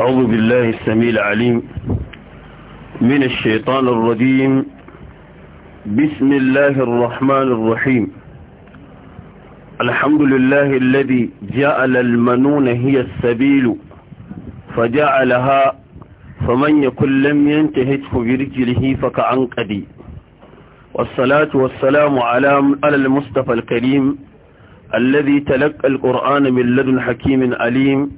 أعوذ بالله السميع العليم من الشيطان الرجيم بسم الله الرحمن الرحيم الحمد لله الذي جعل المنون هي السبيل فجعلها فمن يكن لم ينتهج برجله فكعنقدي والصلاة والسلام على المصطفى الكريم الذي تلقى القرآن من لدن حكيم عليم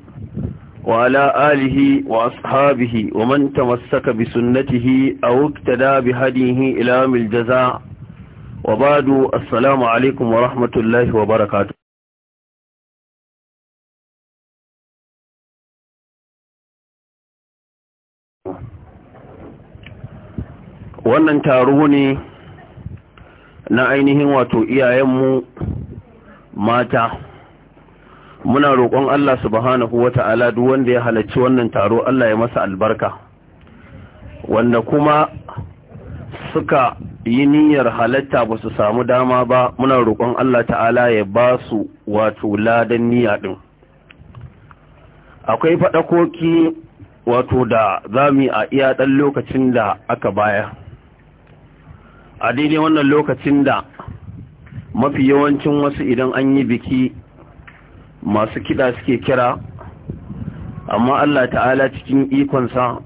وعلى آله وأصحابه ومن تمسك بسنته أو اقتدى بهديه إلى الجزاء وبعد السلام عليكم ورحمة الله وبركاته wannan taro ne na ainihin wato iyayenmu mata muna roƙon Allah subhanahu wata'ala duk wanda ya halarci wannan taro Allah ya masa albarka wanda kuma suka yi niyyar halatta ba su samu dama ba muna roƙon Allah ta'ala ya ba su wato ladan niyya ɗin akwai faɗakoki wato da za mu a iya ɗan lokacin da aka baya a daidai wannan lokacin da mafi yawancin wasu idan an yi biki masu kiɗa suke kira amma Allah ta'ala cikin ikonsa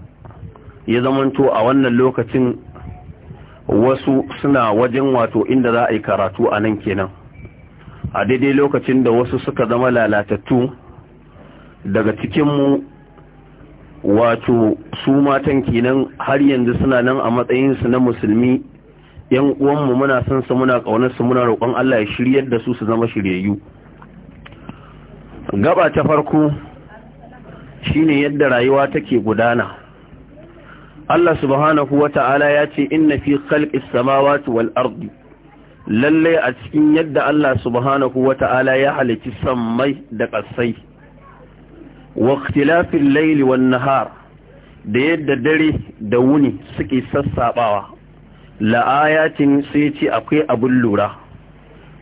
ya zamanto a wannan lokacin wasu suna wajen wato inda za a yi karatu a nan kenan a daidai lokacin da wasu suka zama lalatattu daga cikinmu wato su matan kenan har yanzu suna nan a matsayinsu na musulmi yan uwanmu muna son su muna kaunar su muna roƙon Allah ya shiryar da su su zama shiryayyu gaba ta farko shine yadda rayuwa take gudana Allah subhanahu wata'ala ya ce inna fi khalqis samawati wal ardi lalle a cikin yadda Allah subhanahu wata'ala ya halici sammai da ƙasai wa ikhtilafil layli wan nahar da yadda dare da wuni suke sassabawa la'ayatin sai ce akwai abin lura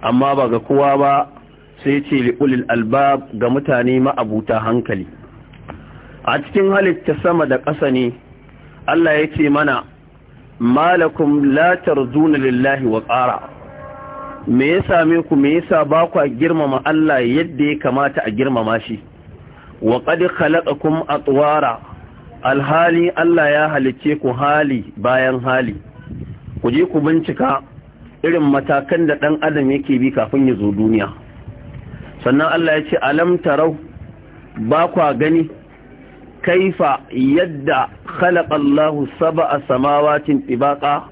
amma ba ga kowa ba sai ce li'ulil albab ga mutane ma'abuta hankali a cikin halitta sama da ƙasa ne Allah ya ce mana malakum latar zuna lillahi wa ƙara me ya same ku me ya sa ba ku girmama Allah yadda ya kamata a girmama shi wa qad khalaqakum tsawara alhali Allah ya halicce ku hali bayan hali ku je ku bincika irin matakan da ɗan adam yake bi kafin ya zo duniya sannan Allah ya ce alam tarau ba kwa gani kaifa yadda khalaqa saba'a sab'a samawatin tibaqa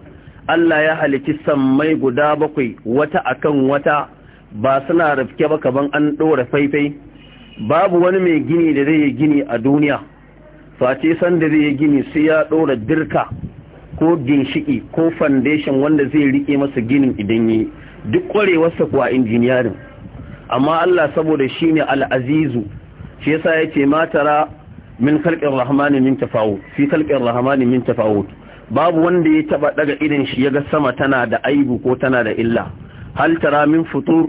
Allah ya halici sammai guda bakwai wata akan wata ba suna rafke ba kaban an ɗora faifai babu wani mai gini da zai yi gini a duniya face san da zai yi gini sai ya ɗora dirka ko ginshiki ko foundation wanda zai rike masa ginin idan yi duk kwarewarsa kuwa injiniyarin amma Allah saboda shi ne al'azizu shi yasa ya ce matara min kalƙin rahmanin min tafawut fi kalƙin rahmanin min babu wanda ya taba daga irin shi ya ga sama tana da aibu ko tana da illa hal tara min futur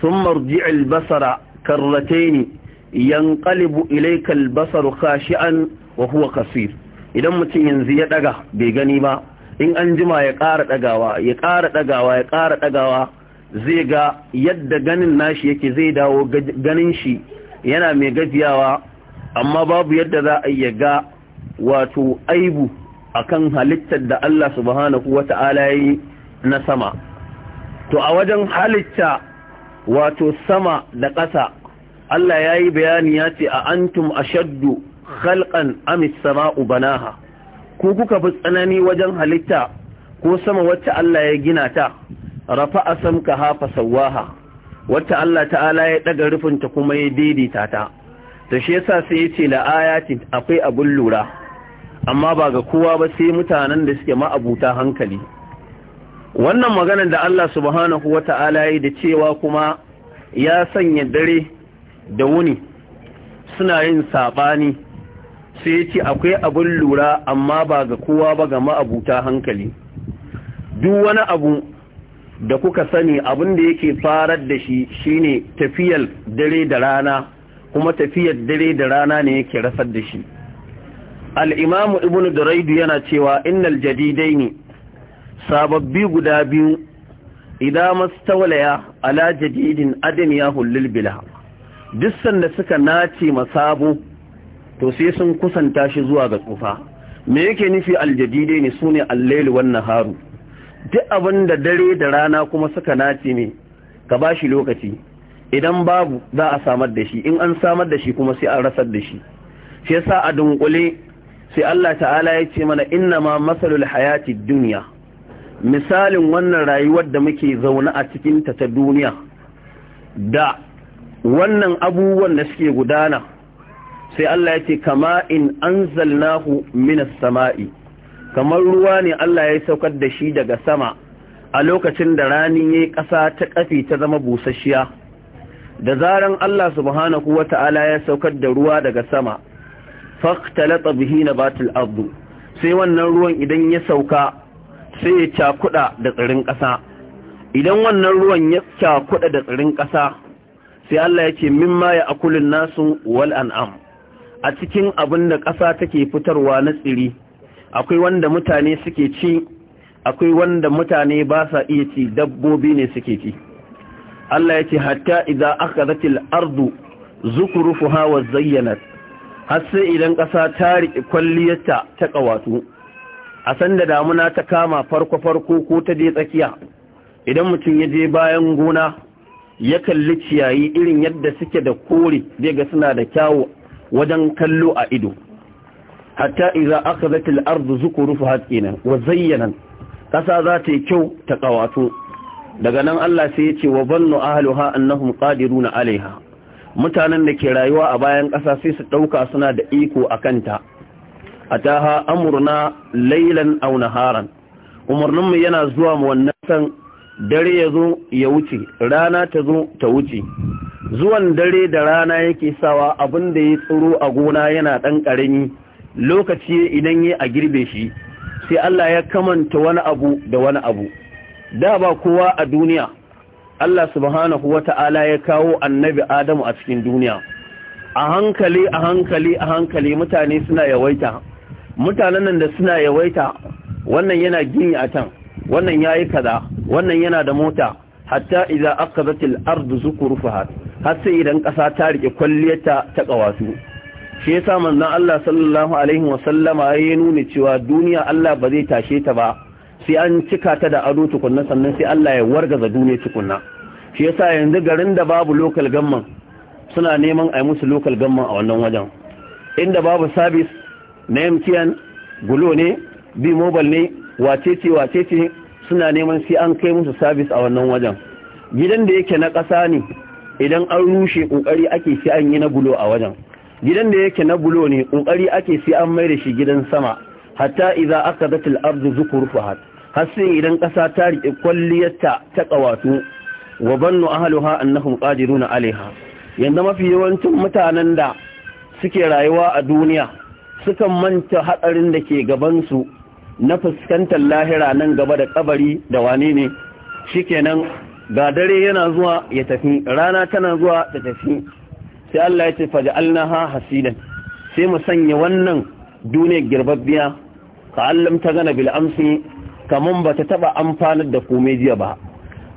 sun marji'il basara karrataini yanqalibu ilai al-basaru kashi'an wa huwa kasir idan mutum yanzu ya daga bai gani ba in an jima ya ƙara ɗagawa ya ƙara ɗagawa ya ƙara ɗagawa zai ga yadda ganin nashi yake zai dawo ganin shi yana mai gajiyawa amma babu yadda za a iya ga wato aibu akan halittar da Allah subhanahu wata'ala yi na sama to a wajen halitta wato sama da ƙasa Allah ya yi bayani ya ce a antum ashaddu khalqan amis sama'u banaha ku kuka fi tsanani wajen halitta ko sama wacce Allah ya gina ta rafa'a samkaha sawaha wacce Allah ta'ala ya daga ta kuma ya daidaita ta to shi yasa sai yace la ayati akwai abun lura amma ba ga kowa ba sai mutanen da suke ma'abuta hankali wannan maganar da Allah subhanahu wata'ala ya yi da cewa kuma ya sanya dare da wuni suna yin saɓani sai ya ce akwai abin lura amma ba ga kowa ba ga ma'abuta hankali duk wani abu da kuka sani abin da yake farar da shi shine tafiyar dare da rana kuma tafiyar dare da rana ne yake rasar da shi al'imamu ibn duraidu yana cewa innal jadidai ne sababbi guda biyu idan mastawalaya ala jadidin adam ya hullul bila duk sanda suka nace masabo to sai sun kusanta shi zuwa ga tsufa me yake nufi aljadide ne sune al-lail wan naharu duk abin da dare da rana kuma suka nace ne ka ba shi lokaci idan babu za a samar da shi in an samar da shi kuma sai an rasar da shi shi yasa a dunkule sai Allah ta'ala ya ce mana inna ma masalul hayati dunya misalin wannan rayuwar da muke zaune a cikin ta ta duniya da wannan abubuwan da suke gudana sai Allah ya ce kama in anzalnahu minas sama'i kamar ruwa ne Allah ya saukar da shi daga sama a lokacin da rani yayi ƙasa ta kafi ta zama busasshiya da zaran Allah subhanahu wata'ala ya saukar da ruwa daga sama faqtalata bihi nabatul abu. sai wannan ruwan idan ya sauka sai ya cakuda da tsirin ƙasa idan wannan ruwan ya cakuda da tsirin ƙasa sai Allah ya ce mimma ya akulun nasu wal an'am a cikin abin da ƙasa take fitarwa na tsiri akwai wanda mutane suke ci akwai wanda mutane ba sa iya ci dabbobi ne suke ci Allah ya ce hatta idan aka akhadhatil ardu zukurufu hawa zayyanar. har sai idan ƙasa ta riƙe kwalliyarta ta ƙawatu a sanda damuna ta kama farko farko ko ta je tsakiya idan mutum ya je bayan gona ya kalli ciyayi irin yadda suke da kore zai ga suna da kyawu wajen kallo a ido hatta iza akhadhat al-ardu zukurufaha kenan wa zayyana kasa za ta yi kyau ta kawato daga nan Allah sai ya ce wa bannu ahluha annahum qadiruna alaiha mutanen da ke rayuwa a bayan ƙasa sai su ɗauka suna da iko a akan ta ataha Amurna laylan aw naharan umarninmu yana zuwa mu wannan san dare ya zo ya wuce rana ta zo ta wuce zuwan dare da rana yake sawa abin da ya tsiro a gona yana ɗan ƙarami lokaci idan ya a girbe shi sai Allah ya kamanta wani abu da wani abu da ba kowa a duniya Allah subhanahu wata'ala ya kawo annabi Adamu a cikin duniya a hankali a hankali a hankali mutane suna yawaita mutanen nan da suna yawaita wannan yana gini a can wannan yayi kaza wannan yana da mota hatta idza aqadat ardu zukurfaha har sai idan ƙasa ta rike kwalliyarta ta ƙawasu shi yasa manzon Allah sallallahu alaihi wa sallama ya nuna cewa duniya Allah ba zai tashe ta ba sai an cika ta da ado tukunna sannan sai Allah ya wargaza duniya tukunna shi yasa yanzu garin da babu local gamman suna neman a yi musu local gamman a wannan wajen inda babu service na MTN gulo ne bi mobile ne wacece wacece suna neman sai an kai musu sabis a wannan wajen gidan da yake na ƙasa ne idan an rushe kokari ake sai an yi na bulo a wajen gidan da yake na bulo ne kokari ake sai an mai da shi gidan sama hatta idza akadatil ardu zukurfaha har sai idan ƙasa ta riƙe kwalliyarta ta kawatu wa bannu ahluha annahum qadiruna alaiha yanda mafi yawancin mutanen da suke rayuwa a duniya sukan manta hatsarin da ke gabansu na fuskantar lahira nan gaba da kabari da wane ne shikenan ga dare yana zuwa ya tafi rana tana zuwa ta tafi sai Allah ya ce ha hasidan sai mu sanya wannan duniyar girbabbiya ka allam ta gana bil amsi kaman bata taba amfanar da komai jiya ba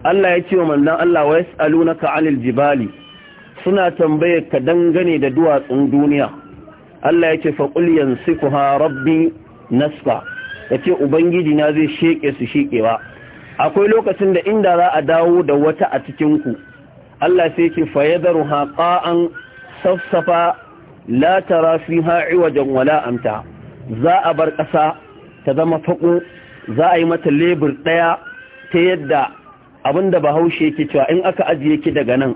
Allah ya ce wa manzon Allah wa yasalunaka anil jibali suna tambayar ka dangane da duwatsun duniya Allah ya ce fa qul yansikuha rabbi nasfa yace ubangiji na zai sheke su shekewa akwai lokacin da inda za a dawo da wata a cikinku Allah sai ke fayyadaru haƙa'an safsafa la tara fi ha'i wajen wala amta za a bar ƙasa ta zama faƙo za a yi mata lebur ɗaya ta yadda abinda bahaushe ke cewa in aka ajiye ki daga nan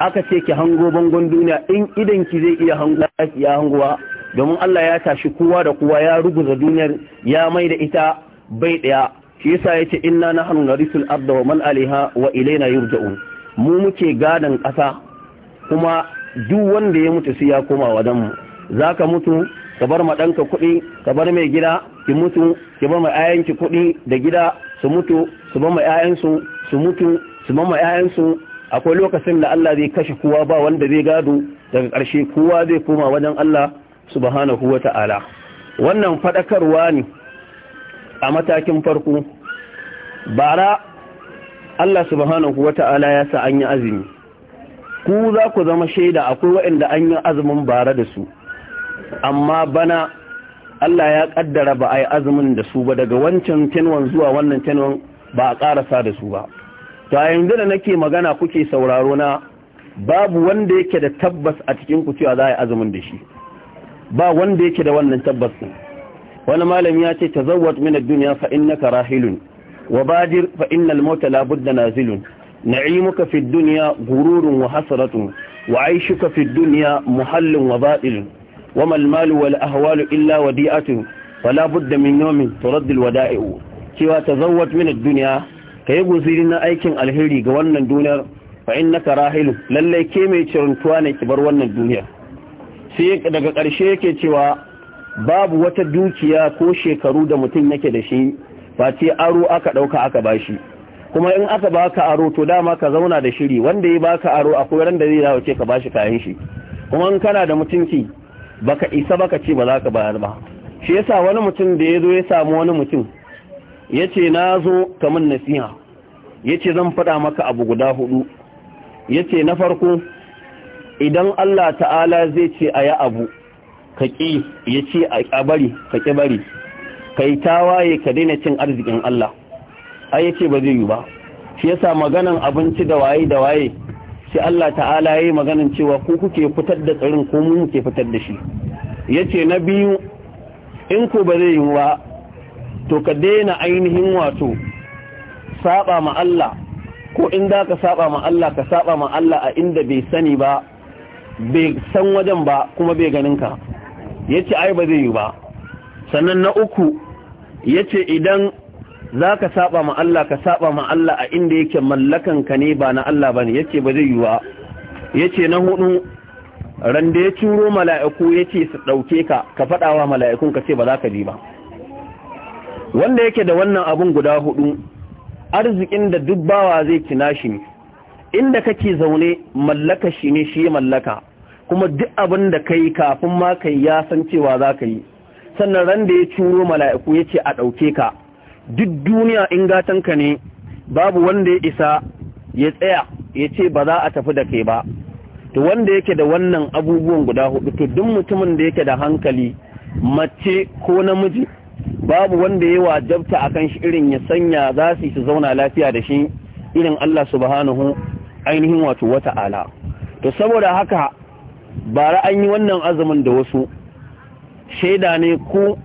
aka ce ki hango bangon duniya in idan ki zai iya hango ya hangowa domin Allah ya tashi kowa da kowa ya ruguza duniyar ya mai da ita bai ɗaya shi yasa yace inna nahnu narisul arda wa man alaiha wa ilaina yurja'un mu muke gadan ƙasa kuma duk wanda ya mutu sai ya koma wajen mu zaka mutu ka bar ma ɗanka kuɗi ka bar mai gida ki mutu ki bar ma 'ya'yanki kuɗi da gida su mutu su bar ma 'ya'yansu su mutu su bar ma 'ya'yansu akwai lokacin da Allah zai kashe kowa ba wanda zai gado daga ƙarshe kowa zai koma wajen Allah subhanahu wata'ala wannan fadakarwa ne a matakin farko bara Allah subhanahu wata'ala ya sa an yi azumi ku za ku zama shaida akwai waɗanda an yi azumin bara da su amma bana Allah ya kaddara ba a yi azumin da su ba daga wancan tenwan zuwa wannan tenwan ba a ƙarasa da su ba To a yanzu da nake magana kuke sauraro na babu wanda yake da tabbas a cikin ku cewa za a yi azumin da shi ba wanda yake da wannan tabbas wani malami ya ce ta min minar duniya fa na karahilun wa jir fa na almota labud da nazilun na'imuka fi duniya gururun wa hasaratun wa ka fi muhallin wa muhallun wa malmalu wa malu wal ahwalu illa labud da min yawmin turaddil wadaiu cewa tazawwad minar duniya ka yi guziri na aikin alheri ga wannan duniyar fa na karahilun lallai ke mai ne ki wannan duniyar sai daga ƙarshe yake cewa babu wata dukiya ko shekaru da mutum yake da shi face aro aka ɗauka aka bashi kuma in aka baka aro to dama ka zauna da shiri wanda ya baka aro akwai ran da zai dawo ce ka bashi kayan shi kuma in kana da mutunci baka isa baka ce ba za ka bayar ba shi yasa wani mutum da ya zo ya samu wani mutum yace ce na zo ka min nasiha yace zan faɗa maka abu guda hudu yace na farko idan Allah ta'ala zai ce a abu ka ƙi ya ce a bari ka ƙi bari ka yi tawaye ka daina cin arzikin Allah ai ya ce ba zai yi ba shi ya sa maganan abinci da waye da waye sai Allah ta'ala ya yi maganan cewa ku kuke fitar da tsarin ko mun ke fitar da shi ya ce na biyu in ku ba zai yi ba to ka daina ainihin wato saba ma Allah ko in za ka saba ma Allah ka saba ma Allah a inda bai sani ba bai san wajen ba kuma bai ganin ka ya ce ai ba zai yi ba sannan na uku ya ce idan za ka saba ma Allah ka saba ma Allah a inda yake mallakanka ne ba na Allah ba ne ya ce ba zai yi ba ya ce na hudu randa ya turo mala'iku ya ce su ɗauke ka ka faɗawa mala'ikun ka ce ba za ka ji ba wanda yake da wannan abin guda hudu arzikin da dubbawa zai kina shi ne inda kake zaune mallaka shi ne shi mallaka kuma duk abin da kai kafin ma kai ya san cewa za ka yi sannan ran da ya curo mala'iku ya ce a ɗauke ka duk duniya in ka ne babu wanda ya isa ya tsaya ya ce ba za a tafi da kai ba to wanda yake da wannan abubuwan guda hudu to duk mutumin da yake da hankali mace ko namiji babu wanda ya wajabta a kan shi irin ya sanya za su su zauna lafiya da shi irin Allah subhanahu ainihin wato wata'ala to saboda haka bara an yi wannan azumin da wasu shaida ne ku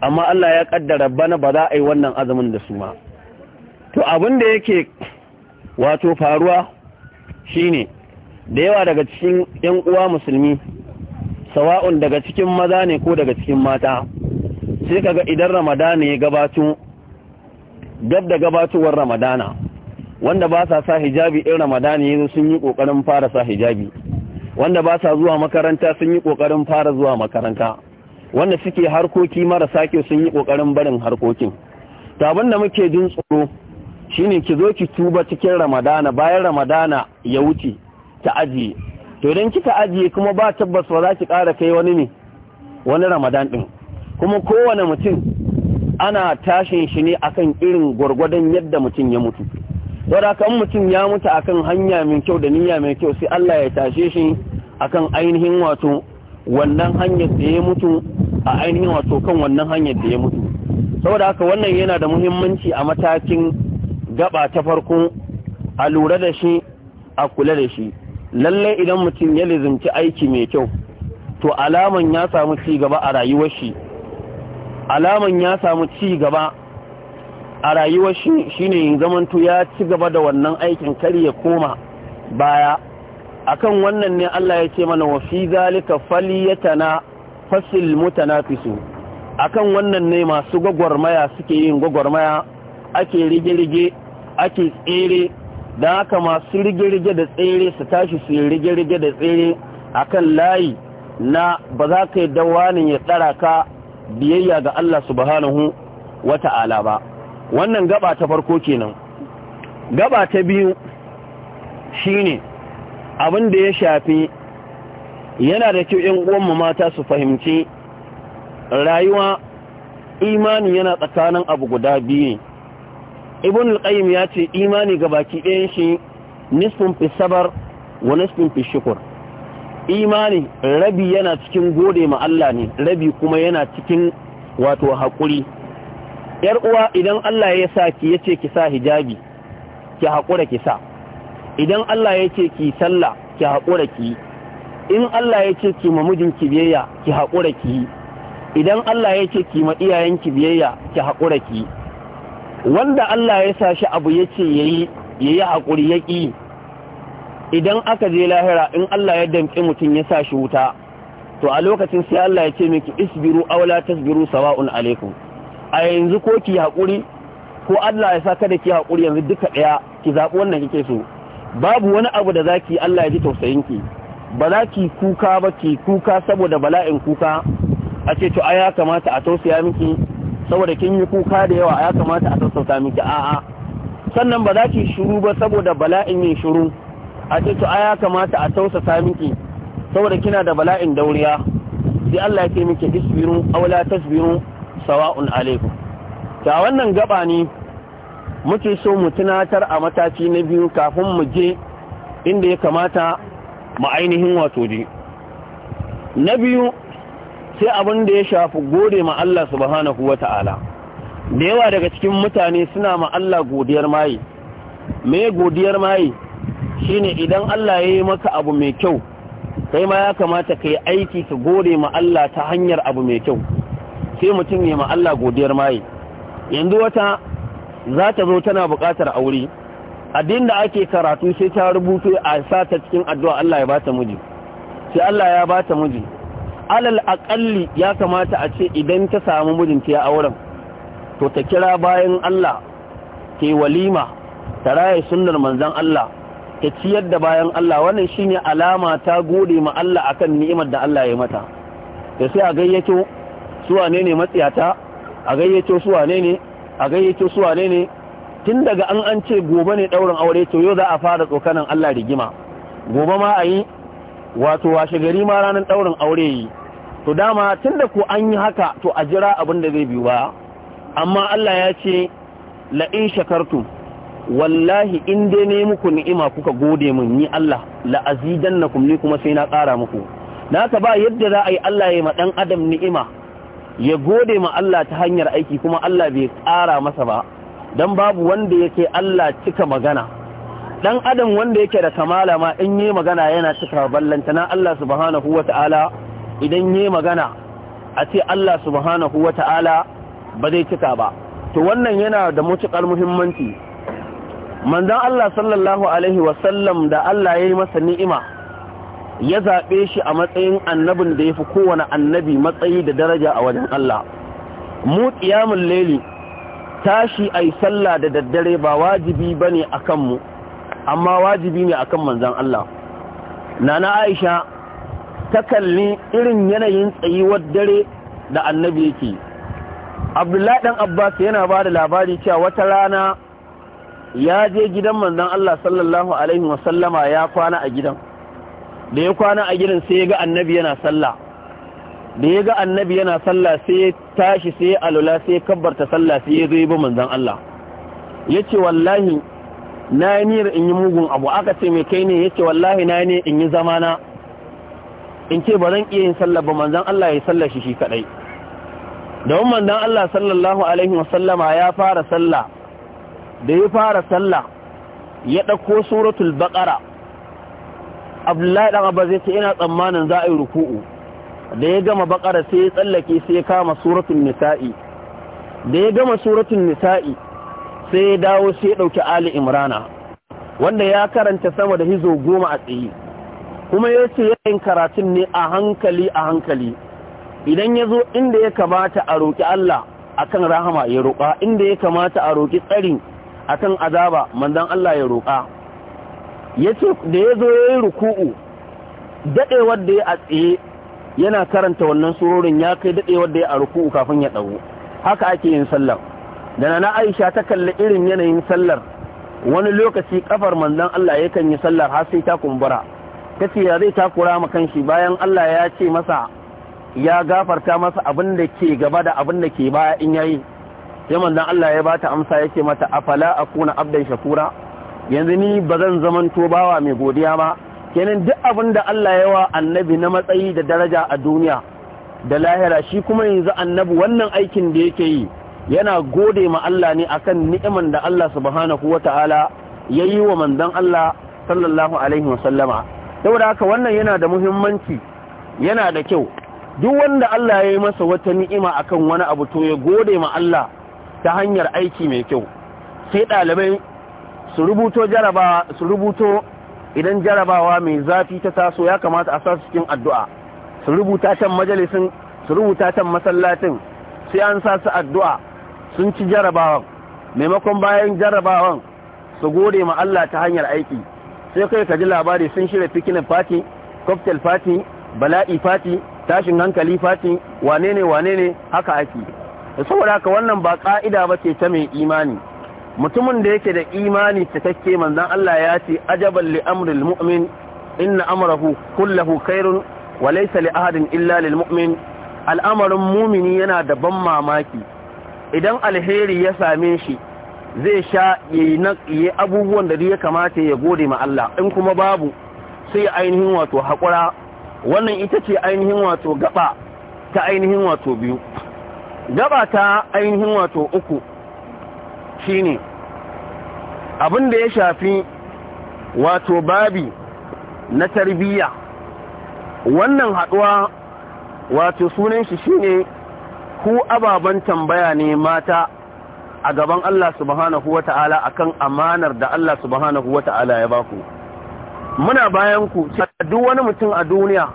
amma Allah ya kaddara bana ba za a yi wannan azumin da su ma to abin da yake wato faruwa shine da yawa daga cikin yan uwa musulmi sawa'un daga cikin maza ne ko daga cikin mata sai kaga idan ramadana ya gabato gab da gabatowar ramadana wanda ba sa sa hijabi in ramadana yanzu sun yi kokarin fara sa hijabi wanda ba sa zuwa makaranta sun yi ƙoƙarin fara zuwa makaranta wanda suke harkoki marasa kyau sun yi ƙoƙarin barin harkokin tabin da muke jin tsoro shine ki zo ki tuba cikin ramadana bayan ramadana ya wuce ta ajiye to idan kika ajiye kuma ba tabbas ba za ki ƙara kai wani ne wani ramadan ɗin? kuma kowane mutum ana tashin shi ne akan irin gwargwadon yadda mutum ya mutu saboda kan mutum ya mutu akan hanya mai kyau da niyya mai kyau sai Allah ya tashe shi akan ainihin wato wannan hanyar da ya mutu a ainihin wato kan wannan hanyar da ya mutu saboda haka wannan yana da muhimmanci a matakin gaba ta farko a lura da shi a kula da shi lallai idan mutum ya lizinci aiki mai kyau to alaman ya samu ci gaba a rayuwar shi alaman ya samu ci gaba a rayuwar shi yin zamantu ya ci gaba da wannan aikin kari ya koma baya akan wannan ne Allah ya ce mana wa fi zalika falyatana fasil mutanafisu akan wannan ne masu gwagwarmaya suke yin gwagwarmaya ake rige-rige ake tsere da haka masu rige-rige da tsere su tashi su yi rige-rige da tsere akan layi na ba za ka yi dawanin ya tsara ka biyayya ga Allah subhanahu wata'ala ba wannan gaba ta farko kenan gaba ta biyu shine abin da ya shafi yana da kyau 'yan uwanmu mata su fahimci rayuwa imani yana tsakanin abu guda biyu ibn al-qayyim ya ce imani ga baki ɗayan shi nisfin fi sabar wa nisfin fi shukur imani rabi yana cikin gode ma Allah ne rabi kuma yana cikin wato haƙuri yar uwa idan Allah ya sa ki yace ki sa hijabi ki haƙura ki sa idan Allah ya ce ki sallah ki haƙura ki in Allah ya ce ki ma mijinki biyayya ki haƙura ki idan Allah ya ce ki ma iyayenki biyayya ki haƙura ki wanda Allah ya sa shi abu ya ce ya yi haƙuri ya ƙi idan aka je lahira in Allah ya damƙi mutum ya sa shi wuta to a lokacin sai Allah ya ce miki isbiru aula tasbiru sawa'un alaikum a yanzu ko ki haƙuri ko Allah ya sa kada ki haƙuri yanzu duka ɗaya ki zaɓi wannan kike so babu wani abu da zaki Allah ya ji tausayin ki ba za ki kuka ba ki kuka saboda bala'in kuka a ce to aya kamata a tausaya miki saboda kin yi kuka da yawa ya kamata a tausauta miki a'a sannan ba za ki shiru ba saboda bala'in yin shiru a ce to a ya kamata a tausasa miki saboda kina da bala'in dauriya sai Allah ya ce miki isbiru aw la tasbiru sawa'un alaikum ta wannan gaba ne muke so mu tunatar a mataki na biyu kafin mu je inda ya kamata mu ainihin wato je na biyu sai abin da ya shafi gode ma Allah subhanahu wata'ala da yawa daga cikin mutane suna ma Allah godiyar maye me godiyar maye shine idan Allah ya yi maka abu mai kyau kai ma ya kamata ka yi aiki ka gode ma Allah ta hanyar abu mai kyau sai mutum ya ma Allah godiyar maye yanzu wata za ta zo tana buƙatar aure addin da ake karatu sai ta rubutu a sa ta cikin addu'a Allah ya ba ta miji sai Allah ya ba ta miji alal aƙalli ya kamata a ce idan ta samu mijinta ya auren to ta kira bayan Allah ke walima ta raye sunnar manzan Allah ta ciyar da bayan Allah wannan shine alama ta gode ma Allah akan ni'imar da Allah ya mata da sai a gayyato su wane ne matsiyata a gayyato su wane ne a gayyato su wane ne tun daga an an ce gobe ne daurin aure to yau za a fara tsokanan Allah rigima gobe ma a yi wato washe gari ma ranar ɗaurin aure yi to dama tun da ku an yi haka to a jira abin da zai biyu ba amma Allah ya ce la'in shakartu wallahi in dai ne muku ni'ima kuka gode mun ni Allah na na kuma sai na ƙara muku na ta ba yadda za a yi Allah ya ma dan adam ni'ima ya gode ma Allah ta hanyar aiki kuma Allah bai ƙara masa ba don babu wanda yake Allah cika magana ɗan adam wanda yake da kamala ma in yi magana yana cika na Allah subhanahu wata'ala idan yi magana a ce Allah subhanahu wata'ala ba zai cika ba to wannan yana da matuƙar muhimmanci manzon Allah sallallahu alaihi wasallam da Allah ya yi masa ni'ima ya zaɓe shi a matsayin annabin da ya fi kowane annabi matsayi da daraja a wajen Allah mu ƙiyamun leli tashi a yi sallah da daddare ba wajibi ba ne a kanmu amma wajibi ne a kan manzan Allah nana aisha ta kalli irin yanayin tsayuwar dare da annabi yake abdullahi ɗan abbas yana ba da labari cewa wata rana ya je gidan manzan Allah sallallahu alaihi wasallama ya kwana a gidan da ya kwana a gidan sai ya ga annabi yana sallah da ya ga annabi yana sallah sai ya tashi sai ya alula sai ya kabbarta sallah sai ya zo bi manzon Allah ya ce wallahi na niyyar in yi mugun abu aka ce mai kai ne ya ce wallahi na ne in yi zamana in ce ba zan iya yin sallah ba manzon Allah ya sallah shi shi kadai don manzon Allah sallallahu alaihi wasallama ya fara sallah da ya fara sallah ya ɗauko suratul baƙara abdullahi dan abbas yace ina tsammanin za a yi ruku'u da ya gama bakara sai ya tsallake sai ya kama suratul nisa'i da ya gama suratul nisa'i sai ya dawo sai ya ɗauki ali imrana wanda ya karanta sama da hizo goma a tsaye kuma ya ce yayin karatun ne a hankali a hankali idan ya zo inda ya kamata a roƙi Allah akan rahama ya roƙa inda ya kamata a roƙi tsari akan azaba manzon Allah ya roƙa yace da ya zo ya yi ruku'u daɗewar da ya a tsaye yana karanta wannan surorin ya kai daɗewar da ya a ruku'u kafin ya ɗago haka ake yin sallar da na aisha ta kalli irin yanayin sallar wani lokaci kafar manzon Allah ya kan yi sallar har sai ta kumbura ta ya zai takura ma kanshi bayan Allah ya ce masa ya gafarta masa abin da ke gaba da abin da ke baya in yayi sai manzon Allah ya bata amsa yake mata afala akuna abdan shakura yanzu ni ba zan zamanto bawa mai godiya ba kenan duk abin da Allah ya wa annabi na matsayi da daraja a duniya da lahira shi kuma yanzu annabi wannan aikin da yake yi yana gode ma Allah ne akan ni'iman da Allah subhanahu wata'ala ya yi wa manzon Allah sallallahu alaihi wasallama saboda haka wannan yana da muhimmanci yana da kyau duk wanda Allah ya yi masa wata ni'ima akan wani abu to ya gode ma Allah ta hanyar aiki mai kyau sai ɗalibai su rubuto jarabawa su rubuto idan jarabawa mai zafi ta taso ya kamata a sa su cikin addu'a su rubuta can majalisin su rubuta can masallatin, sai an sa su addu'a sun ci jarabawan maimakon bayan jarabawan su gode ma Allah ta hanyar aiki sai kai ka ji labari sun shirya picnic fati, koftel fati, bala'i fati, tashin hankali fati, wane ne wane ne haka ake saboda haka wannan ba ƙa'ida ba ce ta mai imani mutumin da yake da imani cikakke manzon Allah ya ce ajaban li amril mu'min inna amrahu kullahu khairun wa laysa li ahadin illa lil mu'min al'amarin mumini yana da ban mamaki idan alheri ya same shi zai sha yayi abubuwan da ya kamata ya gode ma Allah in kuma babu sai ainihin wato haƙura wannan ita ce ainihin wato gaba ta ainihin wato biyu gaba ta ainihin wato uku shine abin da ya shafi wato babi na tarbiyya wannan haɗuwa wato sunan shi shine ku ababen tambaya ne mata a gaban Allah subhanahu a akan amanar da Allah subhanahu ta'ala ya baku muna bayan ku duk wani mutum a duniya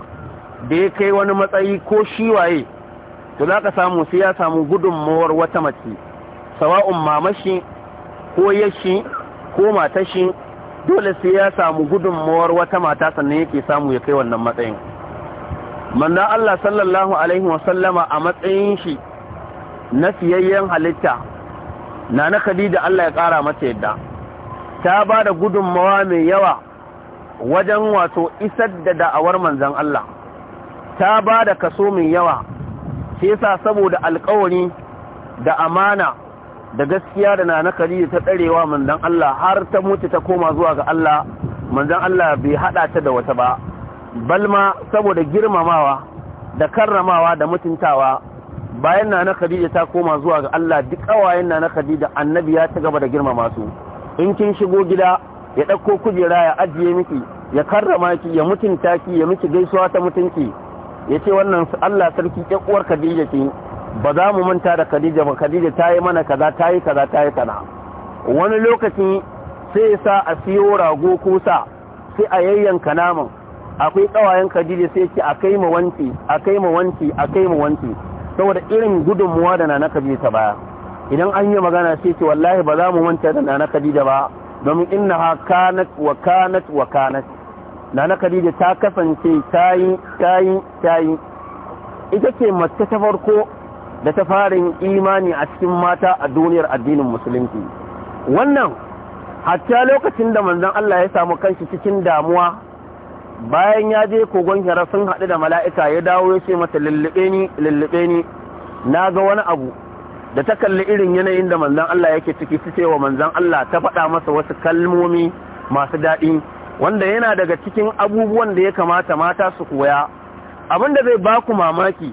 da ya kai wani matsayi ko shi waye to za ka samu sai ya samu gudunmawar wata mace sawa'un mamashi ko yashi ko matar shi dole sai ya samu gudunmawar wata mata sannan yake samu ya kai wannan matsayin manzon Allah sallallahu alaihi wasallama a matsayin shi na siyayyen halitta na na Khadija Allah ya kara mata yadda ta ba da gudunmawa mai yawa wajen wato isar da da'awar manzon Allah ta ba da kaso mai yawa sai sa saboda alkawari da amana da gaskiya da na Khadija ta tsarewa manzan Allah har ta mutu ta koma zuwa ga Allah manzon Allah bai hada ta da wata ba balma saboda girmamawa da karramawa da mutuntawa bayan na Khadija ta koma zuwa ga Allah duk kawayen na Khadija annabi ya ta gaba da girmama su in kin shigo gida ya ɗauko kujera ya ajiye miki ya karrama ki ya mutunta ki ya miki gaisuwa ta mutunci ce wannan Allah sarki uwar Khadija ce ba za mu manta da khadija ba khadija ta yi mana kaza ta yi kaza ta yi kana wani lokaci sai ya sa a siyo rago ko sa sai a yayyanka naman akwai kawayen khadija sai ce a kai ma a kai ma a kai saboda irin gudunmuwa da nana khadija ta baya idan an yi magana sai ce wallahi ba za mu manta da nana khadija ba domin innaha kanat wa kanat wa kanat nana khadija ta kasance tayi tayi tayi ita ce mace ta farko da ta fara yin imani a cikin mata a duniyar addinin musulunci wannan hatta lokacin da manzon Allah ya samu kanshi cikin damuwa bayan ya je kogon hira sun haɗu da mala'ika ya dawo ya ce mata lullube ni lullube ni na ga wani abu da ta kalli irin yanayin da manzon Allah yake ciki su ce wa manzon Allah ta faɗa masa wasu kalmomi masu daɗi wanda yana daga cikin abubuwan da ya kamata mata su koya abin da zai baku mamaki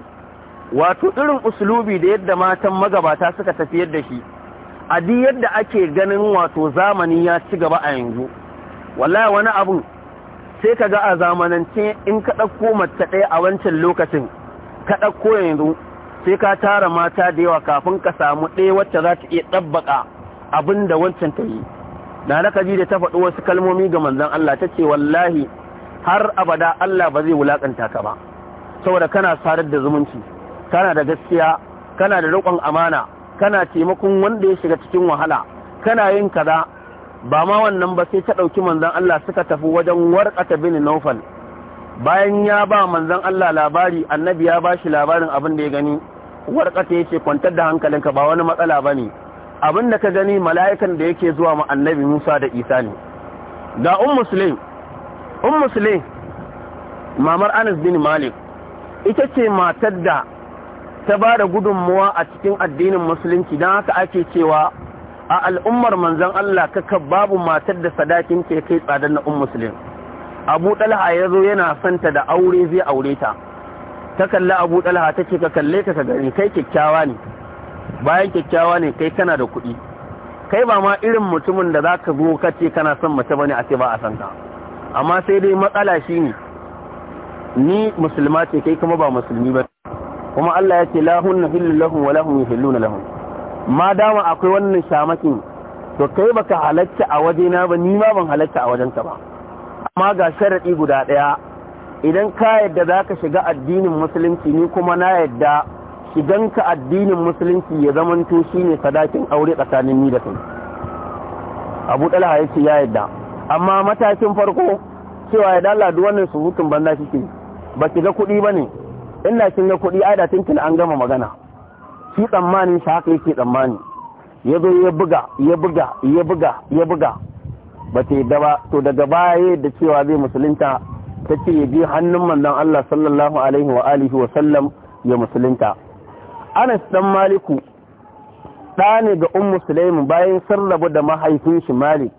wato irin usulubi da yadda matan magabata suka tafi yadda shi a di yadda ake ganin wato zamani ya ci gaba a yanzu wallahi wani abu sai ka ga a zamanance in ka ɗauko mace ɗaya a wancan lokacin ka ɗauko yanzu sai ka tara mata da yawa kafin ka samu ɗaya wacce za ta iya ɗabbaƙa abin da wancan ta yi na na ji da ta faɗi wasu kalmomi ga Manzan Allah ta ce wallahi har abada Allah ba zai wulaƙanta ka ba saboda kana sadar da zumunci kana da gaskiya kana da riƙon amana kana taimakon wanda ya shiga cikin wahala kana yin kaza ba ma wannan ba sai ta ɗauki manzan Allah suka tafi wajen warkata bin Naufal bayan ya ba manzon Allah labari annabi ya ba shi labarin abin da ya gani warƙata ya ce kwantar da hankalinka ba wani matsala ba ne abin da ka gani mala'ikan da yake zuwa ma annabi Musa da Isa ne ga un umm musulun un umm musulun mamar Anas bin Malik ita ce matar da ta ba da gudunmuwa a cikin addinin musulunci don haka ake cewa a al'ummar manzan Allah kaka babu matar da sadakin ke kai tsadar na umm musulun abu ɗalha ya zo yana santa da aure zai aure ta ta kalla abu ɗalha ta ce ka kalle ka ka gani kai kyakkyawa ne bayan kyakkyawa ne kai kana da kuɗi kai ba ma irin mutumin da za ka zo ka ce kana son mace ne a ce ba a san ka amma sai dai matsala shi ne ni musulma ce kai kuma ba musulmi ba kuma Allah ya ce lahun na hillun lahun wa lahun yuhilluna lahun ma dama akwai wannan shamakin to kai baka halatta a wajena ba ni ma ban halatta a wajenka ba amma ga sharaɗi guda ɗaya. idan ka yadda za ka shiga addinin musulunci ni kuma na yadda ka addinin musulunci ya zamanto ne sadakin aure tsakanin ni da kai Abu Talha ya ce ya yadda amma matakin farko cewa ya dala duk wannan surutun banza shi ke ba ki ga kuɗi ba ne illa kin ga kuɗi ada tinkin an gama magana shi tsammanin shi haka yake tsammani ya zo ya buga ya buga ya buga ya buga ba ta yadda ba to daga baya da cewa zai musulunta ta ce ya bi hannun mandan Allah sallallahu alaihi wa alihi wa sallam ya musulunta Anas dan Maliku ɗa ne ga ummu Sulaimu bayan sarrabu da mahaifin shi Malik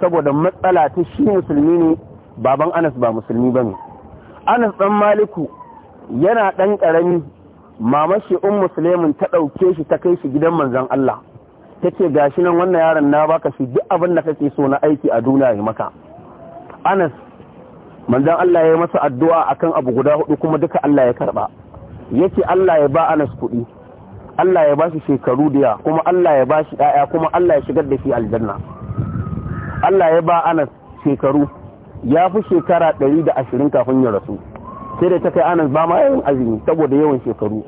saboda matsala ta shi musulmi ne baban Anas ba musulmi ba bane Anas dan Maliku yana ɗan ƙarami mamashi un musulmin ta ɗauke shi ta kai shi gidan manzan Allah ta ce gashi nan wannan yaron na baka shi duk abin da kake so na aiki a duniya ya maka anas manzan Allah ya yi masa addu'a akan abu guda hudu kuma duka Allah ya karba yace Allah ya ba anas kuɗi Allah ya ba shi shekaru da kuma Allah ya ba shi ɗaya kuma Allah ya shigar da shi aljanna Allah ya ba anas shekaru ya fi shekara ɗari da ashirin kafin ya rasu sai da ta kai anas ba ma yawan azumi saboda yawan shekaru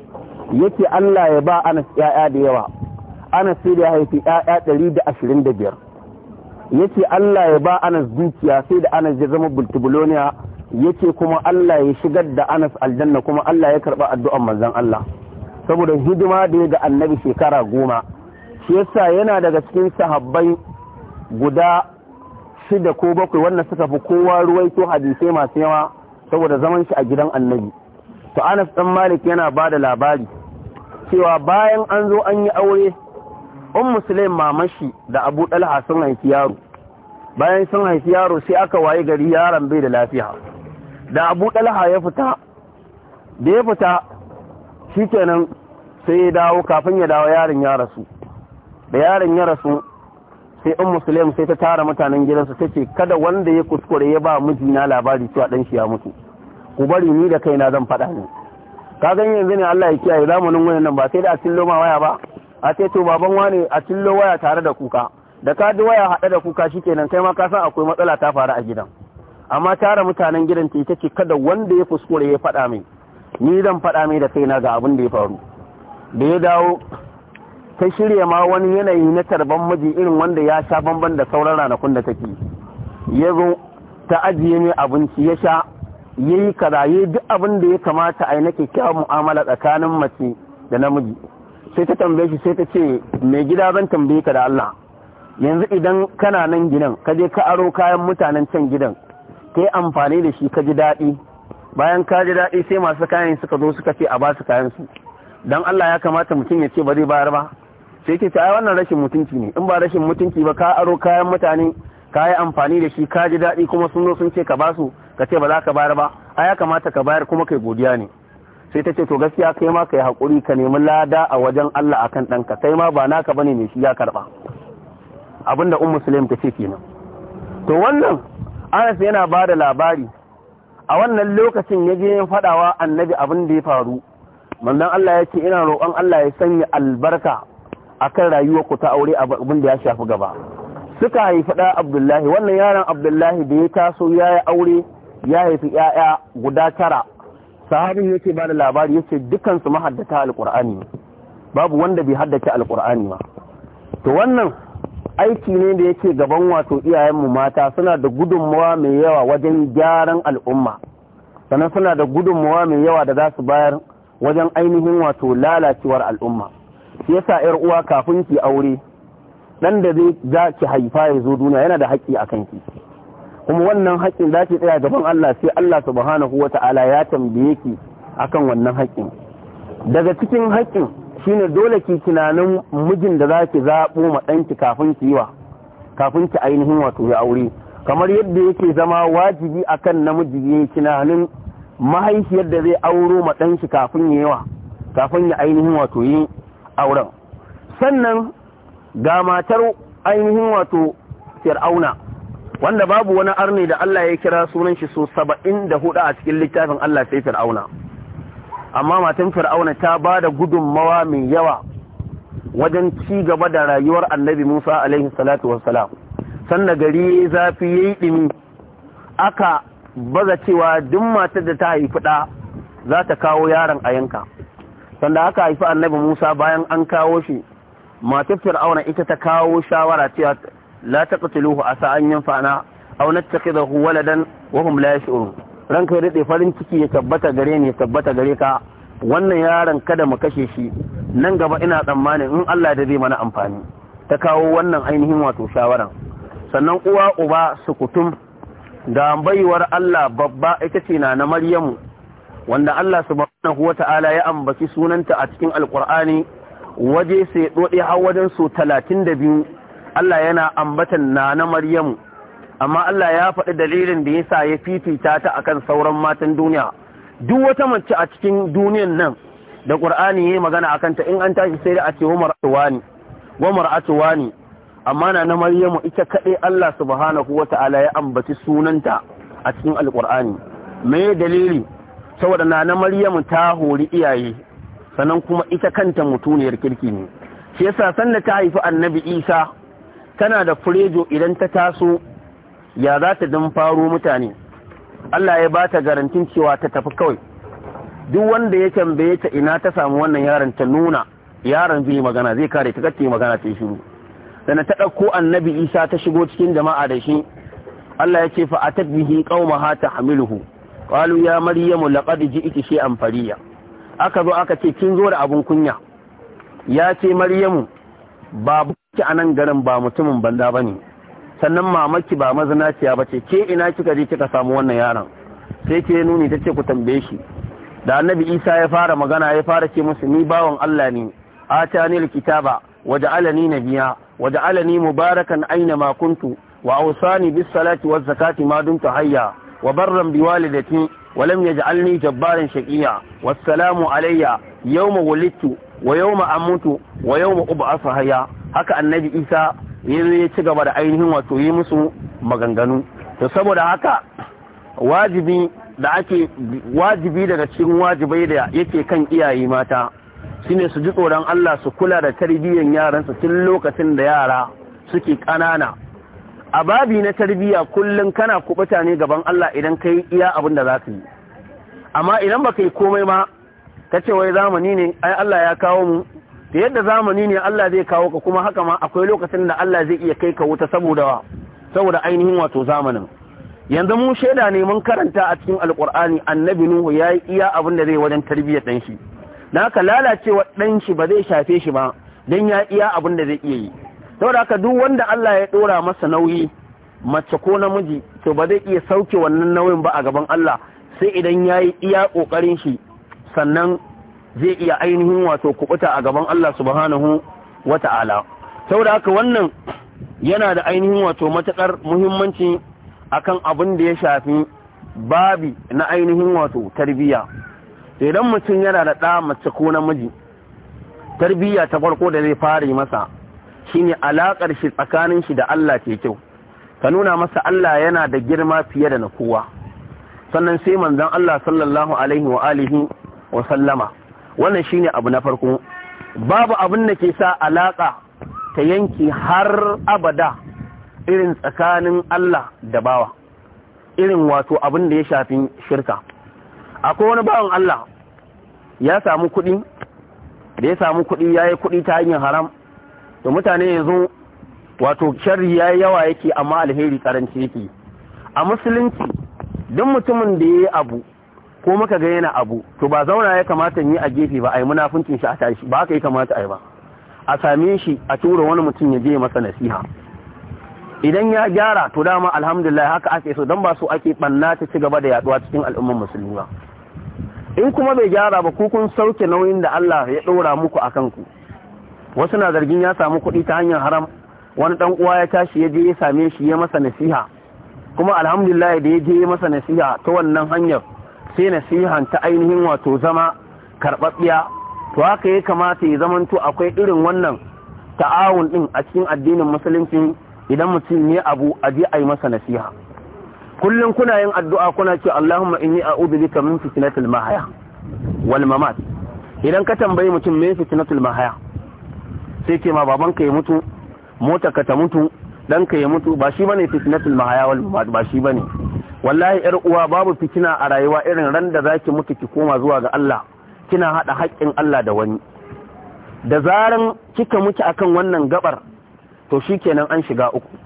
yace Allah ya ba anas yaya da yawa anas sai da ya haifi ɗari da ashirin 'yaya da biyar yace Allah ya ba anas dukiya sai da anas ya zama bultibuloniya yace kuma Allah ya shigar da anas aljanna kuma Allah ya karba addu'an manzon Allah saboda hidima da ya ga annabi shekara goma shi yasa yana daga cikin sahabbai guda shida ko bakwai wannan suka fi kowa ruwai ruwaito hadisai masu yawa saboda zaman shi a gidan annabi to anas dan malik yana ba da labari cewa bayan an zo an yi aure un musulai mamashi da abu ɗalha sun haifi yaro bayan sun haifi yaro sai aka waye gari yaron bai da lafiya da abu ɗalha ya fita da ya fita shikenan sai ya dawo kafin ya dawo yaron ya rasu da yaron ya rasu sai in musulmi sai ta tara mutanen gidansa ta ce kada wanda ya kuskure ya ba mijina labari cewa dan shi ya mutu ku bari ni da kaina zan faɗa ne ka gan yanzu ne Allah ya kiyaye zamanin wani nan ba sai da a cillo ma waya ba a ce to baban wane a cillo waya tare da kuka da ka ji waya haɗe da kuka shikenan kai ma ka san akwai matsala ta faru a gidan amma tara mutanen gidan ta ita ce kada wanda ya kuskure ya faɗa mai ni zan faɗa mai da kaina ga abin da ya faru da ya dawo ta shirya ma wani yanayi na tarban miji irin wanda ya sha bamban da sauran ranakun da take ya zo ta ajiye mai abinci ya sha ya yi kaza ya duk abin da ya kamata a yi na kyakkyawar mu'amala tsakanin mace da namiji sai ta tambaye shi sai ta ce mai gida zan tambaye ka da Allah yanzu idan kana nan gidan ka je ka aro kayan mutanen can gidan ka yi amfani da shi ka ji daɗi bayan ka ji daɗi sai masu kayan suka zo suka ce a ba su kayan su don Allah ya kamata mutum ya ce ba zai bayar ba sai ke ta wannan rashin mutunci ne in ba rashin mutunci ba ka aro kayan mutane ka yi amfani da shi ka ji daɗi kuma sun zo sun ce ka basu ka ce ba za ka bayar ba a ya kamata ka bayar kuma kai godiya ne sai ta ce to gaskiya kai ma ka yi haƙuri ka nemi lada a wajen Allah akan ɗanka kai ma ba naka bane ne shi ya karɓa abinda ummu sulaim ta ce kenan to wannan Anas yana ba da labari a wannan lokacin ya je yin faɗawa annabi abin da ya faru manzon Allah ya ce ina roƙon Allah ya sanya albarka akan rayuwar ku ta aure abin da ya shafi gaba suka haifi ɗan abdullahi wannan yaron abdullahi da ya taso ya yi aure ya haifi ‘ya'ya guda tara sahabin yake ba da labari yace dukansu mahaddata alƙur'ani babu wanda bai haddace alƙur'ani ba to wannan aiki ne da yake gaban wato iyayenmu mata suna da gudunmawa mai yawa wajen gyaran al'umma sannan suna da gudunmawa mai yawa da za su bayar wajen ainihin wato lalacewar al'umma shi yasa yar uwa kafin ki aure dan da zai za ki haifa ya zo duniya yana da haƙƙi a kanki kuma wannan haƙƙin za ki tsaya gaban Allah sai Allah subhanahu wata'ala ya tambaye ki akan wannan haƙƙin daga cikin haƙƙin shine dole ki tunanin mijin da za ki zaɓo ma ɗanki kafin ki yi wa kafin ki ainihin wato ya aure kamar yadda yake zama wajibi akan namiji ya yi tunanin mahaifiyar da zai auro ma ɗanshi kafin ya yi wa kafin ya ainihin wato yi auren sannan ga matar ainihin wato fir'auna wanda babu wani arni da Allah ya kira sunan shi so saba'in da hudu a cikin littafin Allah sai fir'auna amma matan fir'auna ta ba da gudunmawa mai yawa wajen ci gaba da rayuwar annabi musa alaihi salatu wassalam sannan gari zafi ya yi ɗimi aka baza cewa duk matar da ta haifi ɗa za ta kawo yaron a yanka sanda aka haifi annabi Musa bayan an kawo shi matar Fir'auna ita ta kawo shawara cewa la taqtuluhu asa an yanfa'ana aw nattakhidahu waladan wa hum la yash'urun ranka dade farin ciki ya tabbata gare ni ya tabbata gare ka wannan yaron kada mu kashe shi nan gaba ina tsammanin in Allah da zai mana amfani ta kawo wannan ainihin wato shawaran sannan uwa uba sukutum ga baiwar Allah babba ita ce na na Maryamu wanda Allah subhanahu wata'ala ya ambaci sunanta a cikin alkur'ani waje sai dode har wajen so 32 Allah yana ambatan na na Maryamu amma Allah ya faɗi dalilin da yasa ya fifita ta akan sauran matan duniya duk wata mace a cikin duniyan nan da Qur'ani yayi magana akan ta in an tashi sai da a ce wa mar'atuwani wa amma na na Maryamu ita kaɗai Allah subhanahu wata'ala ya ambaci sunanta a cikin alkur'ani me dalili saboda na maryamu ta hori iyaye sannan kuma ita kanta mutuniyar kirki ne shi yasa sanda ta haifi annabi isa tana da furejo idan ta taso ya za ta dan faro mutane Allah ya ba ta garantin cewa ta tafi kawai duk wanda ya tambaye ta ina ta samu wannan yaron ta nuna yaron zai magana zai kare ta kace magana ta shiru dan ta dauko annabi Isa ta shigo cikin jama'a da shi Allah ya ce fa atat bihi ta tahmiluhu Kwalu ya maryamu ji iki shi amfariya aka zo aka ce kin zo da abun kunya ya ce maryamu babu ki anan garin ba mutumin banda ba ne. sannan mamaki ba mazinaciya ba ce, ke ina kika je kika samu wannan yaron sai ke nuni ta ce ku tambaye shi da annabi Isa ya fara magana ya fara ce musu ni bawan Allah ne A ne atani alkitaba waja'alani nabiyya waja'alani mubarakan aina ma kuntu wa awsani bis salati waz zakati ma dumtu hayya wa barran biwalidati wa lam yaj'alni jabbaran shaqiya wassalamu alayya yawma wulidtu wa yawma amutu wa yawma ub'athu haya haka annabi isa ya ci gaba da ainihin wato yi musu maganganu to saboda haka wajibi daga cikin wajibai da yake kan iyaye mata shine su ji tsoron Allah su kula da tarbiyyar yaransa tun lokacin da yara suke kanana a babi na tarbiyya kullum kana kubuta ne gaban Allah idan kai iya abin da za ka yi amma idan ba ka yi komai ma ka ce wai zamani ne ai Allah ya kawo mu da yadda zamani ne Allah zai kawo ka kuma haka ma akwai lokacin da Allah zai iya kai ka wuta saboda saboda ainihin wato zamanin yanzu mun shaida ne mun karanta a cikin alkur'ani annabi nuhu ya yi iya abin da zai wajen tarbiyya ɗan shi na ka lalacewa ɗan shi ba zai shafe shi ba dan ya iya abin da zai iya yi da haka duk wanda Allah ya ɗora masa nauyi mace ko namiji to ba zai iya sauke wannan nauyin ba a gaban Allah sai idan yayi iya kokarin shi sannan zai iya ainihin wato kubuta a gaban Allah subhanahu wata'ala da haka wannan yana da ainihin wato matakar muhimmanci akan abin da ya shafi babi na ainihin wato tarbiyya idan mutum yana da ɗa mace ko namiji tarbiyya ta farko da zai fara masa shine alaƙar shi tsakanin shi da Allah ke kyau ka nuna masa Allah yana da girma fiye da na kowa sannan sai manzon Allah sallallahu alaihi wa alihi wa sallama wannan shine abu na farko babu abin da ke sa alaƙa ta yanki har abada irin tsakanin Allah da bawa irin wato abin da ya shafi shirka akwai wani bawan Allah ya samu kuɗi da ya samu kuɗi ya yi kuɗi ta hanyar haram to mutane yanzu wato sharri yi yawa yake amma alheri karanci yake a musulunci duk mutumin da yayi abu ko muka ga yana abu to ba zauna ya kamata yi a gefe ba yi munafuncin shi a tashi ba haka ya kamata a yi ba a same shi a tura wani mutum ya je masa nasiha idan ya gyara to dama alhamdulillah haka ake so don ba su ake banna ta ci gaba da yaduwa cikin al'ummar musulmi ba in kuma bai gyara ba ku kun sauke nauyin da Allah ya ɗora muku a kanku wasu na zargin ya samu kuɗi ta hanyar haram wani ɗan uwa ya tashi ya je ya same shi ya masa nasiha kuma alhamdulillah da ya je ya masa nasiha ta wannan hanyar sai nasihan ta ainihin wato zama karɓaɓɓiya to haka ya kamata ya zama zamanto akwai irin wannan ta'awun ɗin a cikin addinin musulunci idan mutum ne abu a je a yi masa nasiha kullum kuna yin addu'a kuna ce Allahumma inni a'udhu bika min fitnatil mahaya wal mamat idan ka tambayi mutum me fitnatul mahaya sai ce ma babanka ya mutu mota ka ta mutu dan ka ya mutu ba shi bane fitnatul mahaya wal mamat ba shi bane wallahi yar uwa babu fitina a rayuwa irin ran da zaki mutu ki koma zuwa ga Allah kina hada haƙƙin Allah da wani da zaran kika mutu akan wannan gabar to shikenan an shiga uku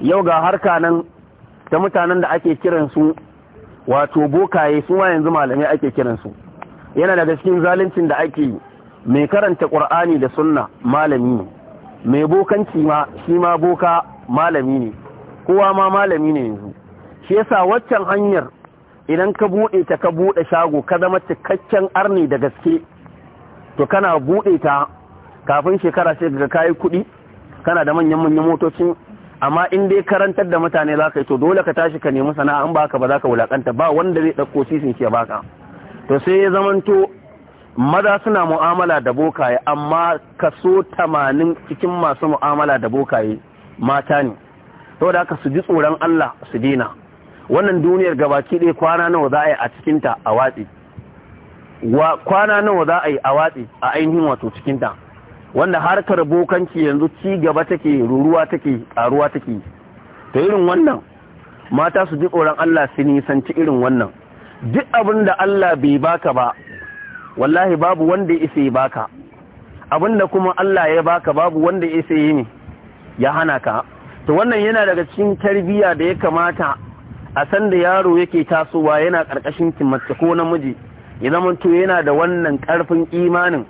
yau ga harka nan ta mutanen da ake kiran su wato bokaye su ma yanzu malamai ake kiran su yana daga cikin zaluncin da ake yi mai karanta ƙur'ani da sunna malami ne mai bokanci ma shi ma boka malami ne kowa ma malami ne yanzu shi yasa waccan hanyar idan ka buɗe ta ka buɗe shago ka zama cikakken arni da gaske to kana buɗe ta kafin shekara sai ga kayi kuɗi kana da manyan manyan motocin amma in dai karantar da mutane za ka yi to dole ka tashi ka nemi sana'a in ka ba za ka wulaƙanta ba wanda zai ɗauko sisin shi ya baka to sai ya zamanto maza suna mu'amala da bokaye amma kaso tamanin cikin masu mu'amala da bokaye mata ne saboda haka su ji tsoron Allah su dina wannan duniyar gabaki ɗaya kwana nawa za a yi a cikinta a watsi kwana nawa za a yi a watsi a ainihin wato cikinta wanda harkar bokanci yanzu ci gaba take ruruwa take karuwa take to irin wannan mata su ji tsoron Allah su nisanci irin wannan duk abin da Allah bai baka ba wallahi babu wanda ya isa ya baka abinda kuma Allah ya baka babu wanda ya isa yi ya hana ka to wannan yana daga cikin tarbiya da ya kamata a san da yaro yake tasowa yana karkashin kimatta ko namiji ya zama to yana da wannan karfin imanin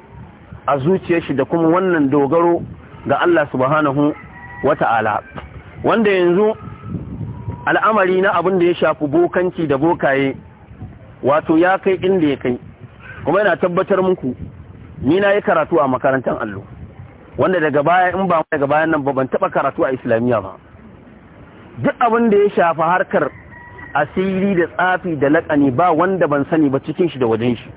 a zuciyar shi da kuma wannan dogaro ga Allah subhanahu wata'ala wanda yanzu al'amari na abin da ya shafi bokanci da bokaye wato ya kai inda ya kai kuma yana tabbatar muku ni na yi karatu a makarantar allo wanda daga baya in ba daga bayan nan ba ban taba karatu a islamiyya ba duk abin da ya shafa harkar asiri da tsafi da laƙani ba wanda ban sani ba cikin shi da wajen shi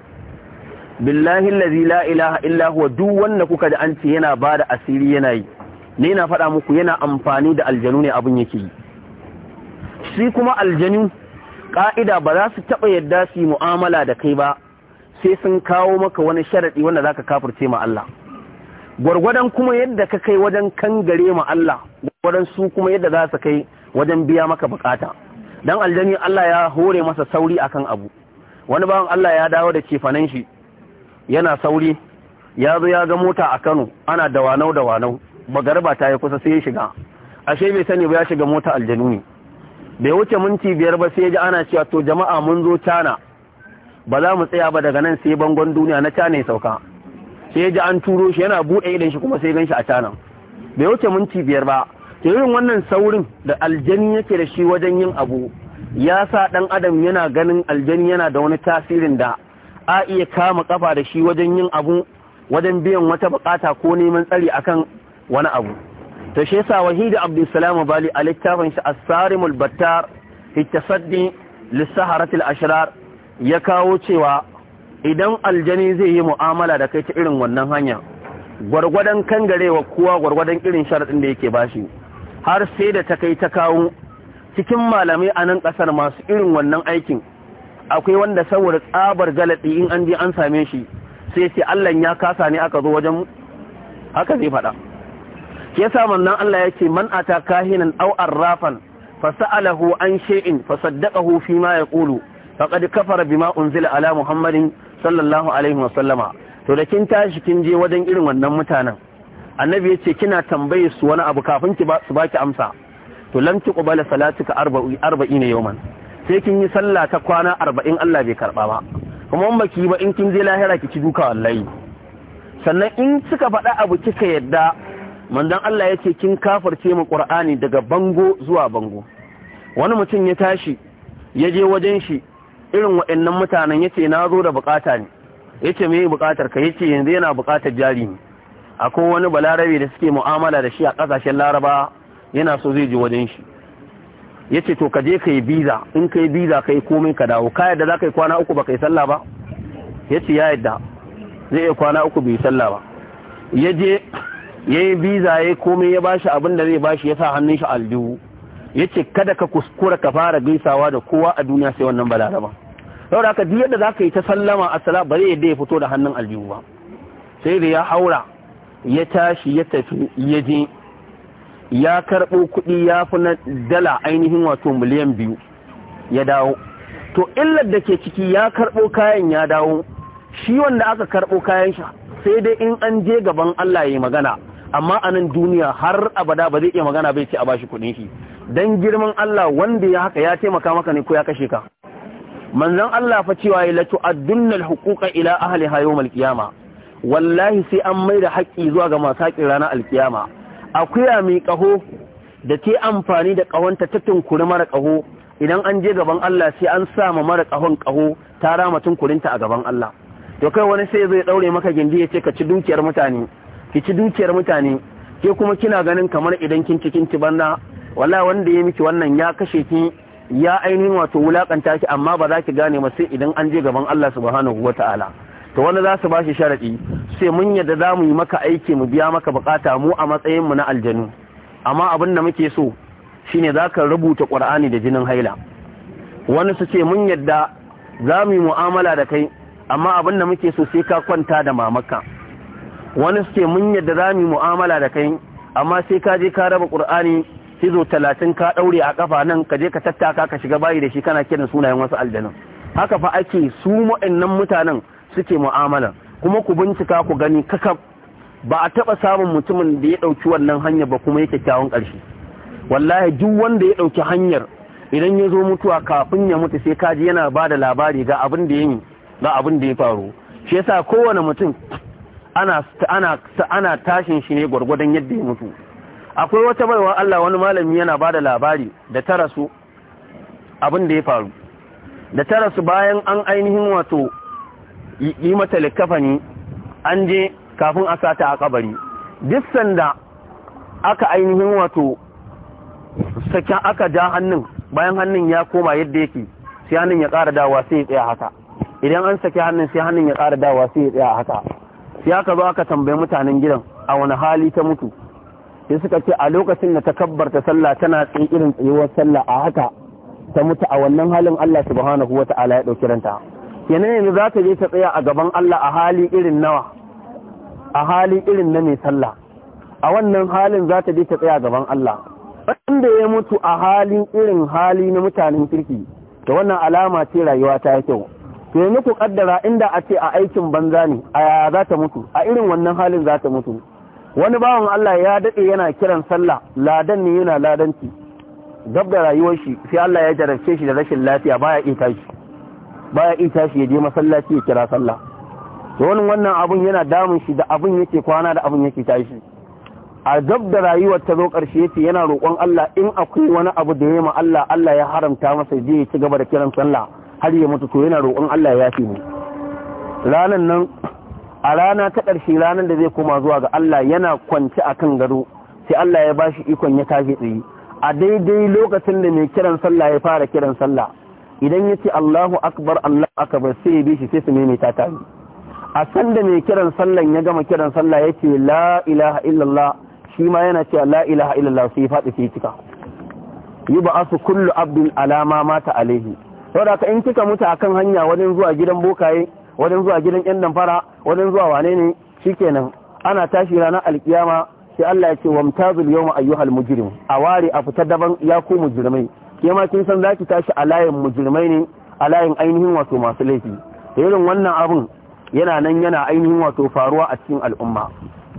billahi allazi la ilaha illa huwa duk wanda kuka da an ce yana ba da asiri yana yi ne na faɗa muku yana amfani da aljanu ne abin yake yi shi kuma aljanu ƙa'ida ba za su taɓa yadda su yi mu'amala da kai ba sai sun kawo maka wani sharaɗi wanda za ka kafirce ma Allah gwargwadon kuma yadda ka kai wajen kangare ma Allah gwargwadon su kuma yadda za su kai wajen biya maka bukata Don aljani Allah ya hore masa sauri akan abu wani bawan Allah ya dawo da cefanen shi yana sauri ya zo ya ga mota a Kano ana da dawanau dawanau bagarba ta yi kusa sai ya shiga ashe bai sani ba ya shiga mota aljanu ne bai wuce minti biyar ba sai ya ji ana cewa to jama'a mun zo cana. ba za mu tsaya ba daga nan sai bangon duniya na cana ya sauka sai ya ji an turo shi yana buɗe idan shi kuma sai gan shi a cana bai wuce minti biyar ba ke yin wannan saurin da aljani yake da shi wajen yin abu ya sa ɗan adam yana ganin aljani yana da wani tasirin da a iya kama kafa da shi wajen yin abu wajen biyan wata bukata ko neman tsari akan wani abu ta shi yasa wahidi abdulsalam bali a littafin shi a sarimul battar fi tasaddi lis-saharatil ashrar ya kawo cewa idan aljani zai yi mu'amala da kai ta irin wannan hanya gwargwadon kangarewa kuwa gwargwadon irin sharaɗin da yake bashi har sai da ta kai ta kawo cikin malamai a nan ƙasar masu irin wannan aikin akwai wanda saboda tsabar galaɗi in an je an same shi sai sai Allah ya kasa ne aka zo wajen haka zai faɗa ke sa mannan Allah yake man ta kahinan rafan, fasa fasa'alahu an shay'in fasaddaqahu fi ma ƙulu. faqad kafara bima unzila ala muhammadin sallallahu alaihi wasallama to da kin tashi kin je wajen irin wannan mutanen annabi yace kina tambaye su wani abu kafin ki su baki amsa to lam tuqbala salatuka ne yawman sai kin yi sallah ta kwana arba'in Allah bai karba ba kuma in baki ba in kin je lahira ki ci duka wallahi sannan in suka faɗa abu kika yadda manzon Allah ya ce kin kafirce mu Qur'ani daga bango zuwa bango wani mutum ya tashi ya je wajen shi irin waɗannan mutanen yace na zo da bukata ne yace me bukatar ka yace yanzu yana bukatar jari ne akwai wani balarabe da suke mu'amala da shi a kasashen laraba yana so zai ji wajen shi yace to ka je ka yi biza in ka yi biza ka yi komai ka dawo ka yadda za ka yi kwana uku ba ka yi sallah ba yace ya yadda zai yi kwana uku bai yi sallah ba ya je ya yi biza ya yi komai ya bashi abin da zai bashi ya sa hannun shi aljihu yace kada ka kuskura ka fara gaisawa da kowa a duniya sai wannan balaraba saboda haka duk yadda zaka yi ta sallama assala bare yadda ya fito da hannun aljihu ba sai da ya haura ya tashi ya tafi ya je ya karɓo kuɗi ya fi na dala ainihin wato miliyan biyu ya dawo to illar da ke ciki ya karbo kayan ya dawo shi wanda aka karbo kayan shi sai dai in an je gaban Allah ya yi magana amma a nan duniya har abada ba zai iya magana bai ce a bashi kuɗin shi dan girman Allah wanda ya haka ya taimaka maka ne ko ya kashe ka manzon Allah fa cewa ya latu addunnal huquqa ila ahli yawmal qiyama wallahi sai an da haƙƙi zuwa ga masu haƙƙin ranar alkiyama ya mai ƙaho da ke amfani da ƙahonta ta tunkuri mara ƙaho idan an je gaban Allah sai an sa ma mara ƙahon ƙaho ta rama tunkurinta a gaban Allah to kai wani sai zai daure maka gindi ya ce ka ci dukiyar mutane ki ci dukiyar mutane ke kuma kina ganin kamar idan kin cikin ci wallahi wanda ya miki wannan ya kashe ki ya ainihin wato wulakanta ki amma ba za ki gane ba sai idan an je gaban Allah subhanahu wataala to wanda za su ba shi sharadi sai mun yadda za mu yi maka aiki mu biya maka bukata mu a matsayin mu na aljanu amma abin da muke so shine za ka rubuta qur'ani da jinin haila wani su ce mun yadda za mu yi mu'amala da kai amma abin da muke so sai ka kwanta da mamaka wani su ce mun yadda za mu yi mu'amala da kai amma sai ka je ka raba qur'ani hizo talatin ka ɗaure a ƙafa nan ka je ka tattaka ka shiga bayi da shi kana kiran sunayen wasu aljanun haka fa ake su wa'annan mutanen suke mu'amala kuma ku bincika ku gani kaka ba a taɓa samun mutumin da ya ɗauki wannan hanyar ba kuma ya kyakkyawan ƙarshe wallahi duk wanda ya ɗauki hanyar idan ya zo mutuwa kafin ya mutu sai kaji yana ba da labari ga abin da ya ga abin da ya faru shi yasa kowane mutum ana ana ana tashin shi ne gwargwadon yadda ya mutu akwai wata baiwa Allah wani malami yana ba da labari da tara su abin da ya faru da tara su bayan an ainihin wato yi mata likafani an je kafin a sata a kabari duk sanda aka ainihin wato sakin aka ja hannun bayan hannun ya koma yadda yake sai hannun ya ƙara dawa sai ya tsaya haka idan an saki hannun sai hannun ya ƙara dawa sai ya tsaya haka sai aka zo aka tambayi mutanen gidan a wani hali ta mutu sai suka ce a lokacin da ta kabbarta sallah tana tsaye irin tsayuwar sallah a haka ta mutu a wannan halin Allah subhanahu wa ta'ala ya dauki ranta kenan yanzu za ta je ta tsaya a gaban Allah a hali irin nawa a hali irin na mai sallah a wannan halin za ta je ta tsaya a gaban Allah wanda ya mutu a halin irin hali na mutanen kirki to wannan alama ce rayuwa ta yi kyau to yanzu ku kaddara inda a ce a aikin banza ne a za ta mutu a irin wannan halin za ta mutu wani bawan Allah ya daɗe yana kiran sallah ladan ne yana ladanci gab da rayuwar shi sai Allah ya jarabce shi da rashin lafiya baya ita shi baya ita shi ya je masallaci ya kira sallah to wani wannan abun yana damun shi da abun yake kwana da abun yake tashi a gab da rayuwar ta zo karshe yace yana roƙon Allah in akwai wani abu da yayi ma Allah Allah ya haramta masa je ya ci gaba da kiran sallah har ya mutu to yana roƙon Allah ya yafi mu ranan nan a rana ta ƙarshe ranar da zai koma zuwa ga Allah yana kwanci a kan gado sai Allah ya bashi ikon ya tashi tsaye a daidai lokacin da mai kiran sallah ya fara kiran sallah idan ya ce Allahu akbar Allah akbar sai ya bi shi sai su maimaita ta a da mai kiran sallan ya gama kiran sallah ya ce la ilaha illallah shi ma yana cewa la ilaha illallah sai ya faɗi sai cika yi ba asu kullu abdul alama mata alaihi saboda ka in kika mutu akan hanya wajen zuwa gidan bokaye wajen zuwa gidan yan damfara wajen zuwa wane ne shikenan ana tashi ranar alkiyama sai Allah ya ce mutazul yawma ayyuhal mujrim a ware a fita daban ya ku mujrimai ke ma kin san zaki tashi a layin mujrimai ne a layin ainihin wato masu laifi irin wannan abun yana nan yana ainihin wato faruwa a cikin al'umma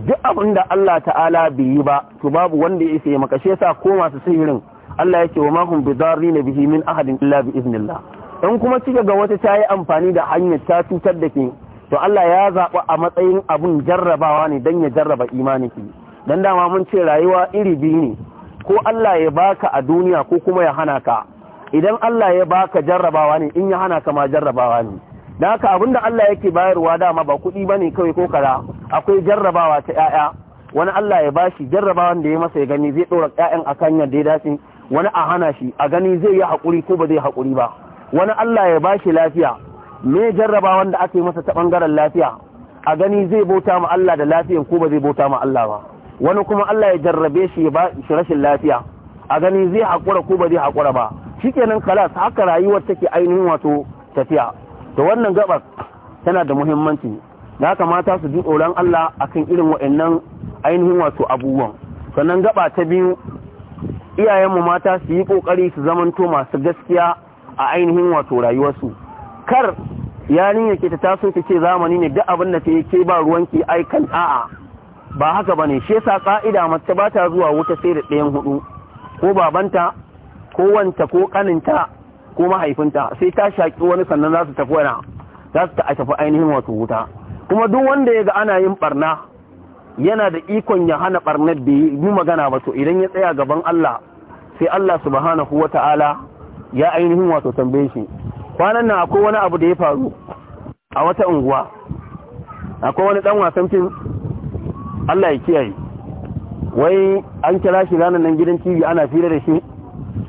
duk abin da Allah ta'ala bai yi ba to babu wanda ya sai makashe sa ko masu sihirin Allah ya ce wa ma hum bidarrin bihi min ahadin illa bi iznillah in kuma kika ga wata ta yi amfani da hanyar ta cutar da ke to Allah ya zaɓa a matsayin abun jarrabawa ne don ya jarraba imaniki don dama mun ce rayuwa iri biyu ne ko Allah ya baka a duniya ko kuma ya hana ka idan Allah ya baka jarrabawa ne in ya hana ka ma jarrabawa ne da haka da Allah yake bayarwa dama ba kuɗi ne kawai ko kaza akwai jarrabawa ta ƴaƴa wani Allah ya bashi jarrabawan da ya masa ya gani zai ɗora ƴaƴan kan yadda ya dace wani a hana shi a gani zai yi haƙuri ko ba zai haƙuri ba wani Allah ya bashi lafiya me jarraba wanda aka masa ta ɓangaren lafiya a gani zai bauta ma Allah da lafiyan ko ba zai bauta ma Allah ba wani kuma Allah ya jarrabe shi ba shi rashin lafiya a gani zai haƙura ko ba zai haƙura ba shikenan kalas haka rayuwar take ainihin wato tafiya Da wannan gabas tana da muhimmanci da haka mata su ji tsoron Allah akan irin waɗannan ainihin wato abubuwan sannan gaba ta biyu iyayenmu mata su yi ƙoƙari su zamanto masu gaskiya a ainihin wato rayuwarsu kar yarinya ke ta taso ta ce zamani ne duk abin da ta yi ke ba ruwanki aikan a'a ba haka bane shi yasa ka'ida mace ba ta zuwa wuta sai da ɗayan hudu ko babanta ko wanta ko kaninta ko mahaifinta sai ta shaki wani sannan za su tafi wani za su tafi ainihin wato wuta kuma duk wanda ya ga ana yin barna yana da ikon ya hana barnar da yi magana ba to idan ya tsaya gaban Allah sai Allah subhanahu wata'ala ya ainihin wato tambaye shi kwanan nan akwai wani abu da ya faru a wata unguwa akwai wani dan wasan fim Allah ya kiyaye wai an kira shi ranar nan gidan TV ana fira da shi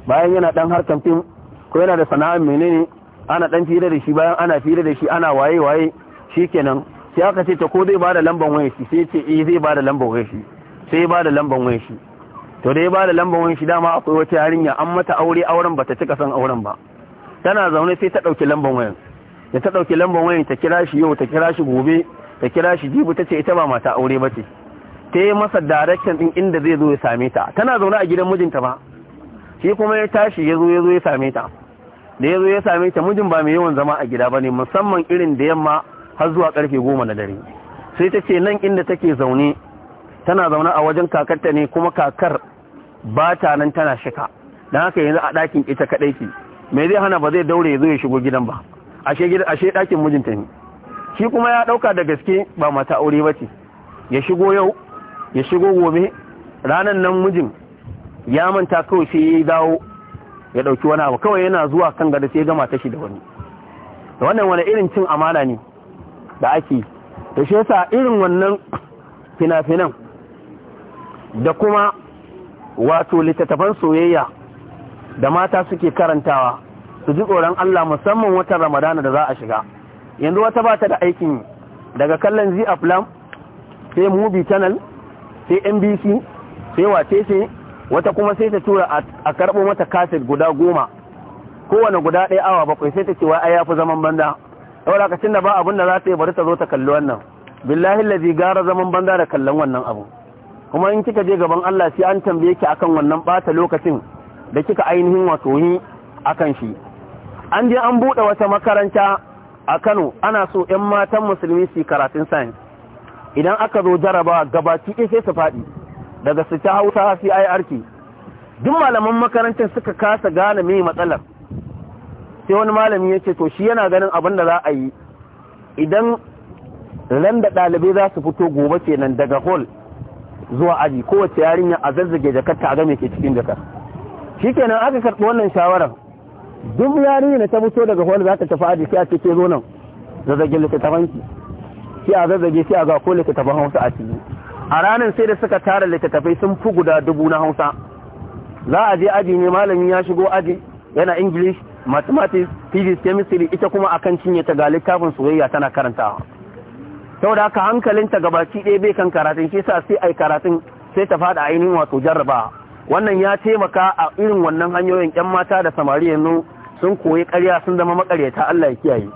bayan yana dan harkan fim ko yana da sana'ar menene ana dan fira da shi bayan ana fira da shi ana waye waye shikenan sai aka ce ta ko zai bada lambar wayar shi sai ce eh zai bada lambar wayar shi sai bada lambar wayar shi to dai ba da lambar shi dama akwai wata yarinya an mata aure auren ba ta cika san auren ba tana zaune sai ta dauki lambar wayan da ta dauki lambar wayan ta kira shi yau ta kira shi gobe ta kira shi jibu ce ita ba mata aure ba ce ta yi masa direction din inda zai zo ya same ta tana zaune a gidan mijinta ba shi kuma ya tashi ya zo ya zo ya same ta da ya zo ya same ta mijin ba mai yawan zama a gida bane musamman irin da yamma har zuwa karfe goma na dare sai ta ce nan inda take zaune tana zaune a wajen kakarta ne kuma kakar ba ta nan tana shika dan haka yanzu a ɗakin ita kaɗai ke, me zai hana ba zai daure ya zo ya shigo gidan ba ashe ashe ɗakin mijinta ne shi kuma ya ɗauka da gaske ba mata aure ba ce ya shigo yau ya shigo gobe ranar nan mijin ya manta kawai sai ya dawo ya ɗauki wani abu kawai yana zuwa kan gada sai ya gama tashi da wani da wannan wani irin cin amana ne da ake da shi yasa irin wannan fina-finan da kuma wato littattafan soyayya da mata suke karantawa su ji tsoron Allah musamman watan Ramadana da za a shiga yanzu wata ba ta da aikin daga kallon zi aflam sai movie channel sai NBC sai wace wata kuma sai ta tura a karɓo mata kaset guda goma kowane guda ɗaya awa bakwai sai ta cewa wai ai yafi zaman banda saboda ka da ba abin da za ta yi bari ta zo ta kalli wannan billahi lazi gara zaman banda da kallon wannan abu kuma in kika je gaban Allah sai an tambaye ki akan wannan bata lokacin da kika ainihin wato yi akan shi an je an bude wata makaranta a Kano ana so ƴan matan musulmi su karatun science idan aka zo jaraba gabaki sai su fadi daga su ta Hausa sai ai arki duk malaman makarantar suka kasa gane me matsalar sai wani malami yace to shi yana ganin abin da za a yi idan randa da ɗalibai za su fito gobe kenan daga hall zuwa aji kowace yarinya a zazzage jakarta ta game ke cikin jakar shikenan aka karɓi wannan shawarar duk yarinya da ta fito daga hall za ta tafi aji sai a ce ke zo nan zazzage littattafanki sai a zazzage sai a ga ko littattafan hausa a ciki a ranar sai da suka tara littattafai sun fi guda dubu na hausa za a je aji ne malamin ya shigo aji yana english mathematics physics chemistry ita kuma akan cinye ta ga littafin soyayya tana karantawa saboda haka hankalinta baki ɗaya bai kan karatun shi sa sai ai karatun sai ta fada ainihin wato jarraba wannan ya taimaka a irin wannan hanyoyin ƴan mata da samari yanzu sun koyi ƙarya sun zama makaryata Allah ya kiyaye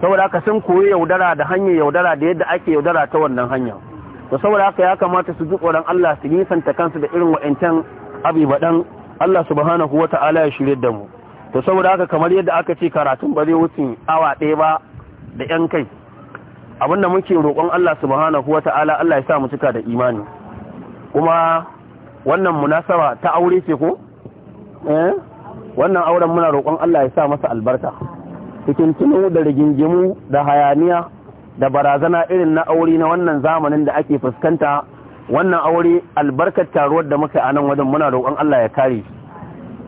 saboda haka sun koyi yaudara da hanyar yaudara da yadda ake yaudara ta wannan hanya to saboda haka ya kamata su ji tsoron Allah su nisanta kansu da irin wa'ancan abibadan Allah subhanahu ta'ala ya shirye da mu to saboda haka kamar yadda aka ce karatun ba zai wuce awa ɗaya ba da ƴan kai abinda muke roƙon Allah subhanahu wata'ala Allah ya sa mu cika da imani kuma wannan munasaba ta aure ce ko eh wannan auren muna roƙon Allah ya sa masa albarka cikin tunu da rigingimu da hayaniya da barazana irin na aure na wannan zamanin da ake fuskanta wannan aure albarkar taruwar da muka a nan wajen muna roƙon Allah ya kare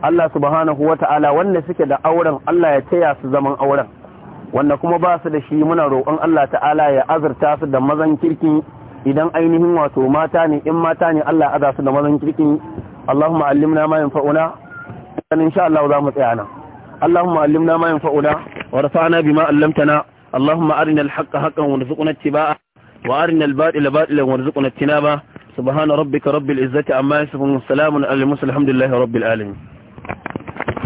Allah subhanahu wata'ala wanda suke da auren Allah ya taya su zaman auren wanda kuma ba su da shi muna roƙon Allah ta'ala ya azurta su da mazan kirki idan ainihin wato mata ne in mata ne Allah aza su da mazan kirki Allahumma allimna ma yanfa'una dan insha Allah za mu tsaya nan Allahumma allimna ma yanfa'una warfa'na bima allamtana Allahumma arina al-haqqa haqqan warzuqna ittiba'a wa arina al-batila batilan warzuqna ittinaba subhana rabbika rabbil izzati amma yasifun salamun alal mursalin alhamdulillahi rabbil alamin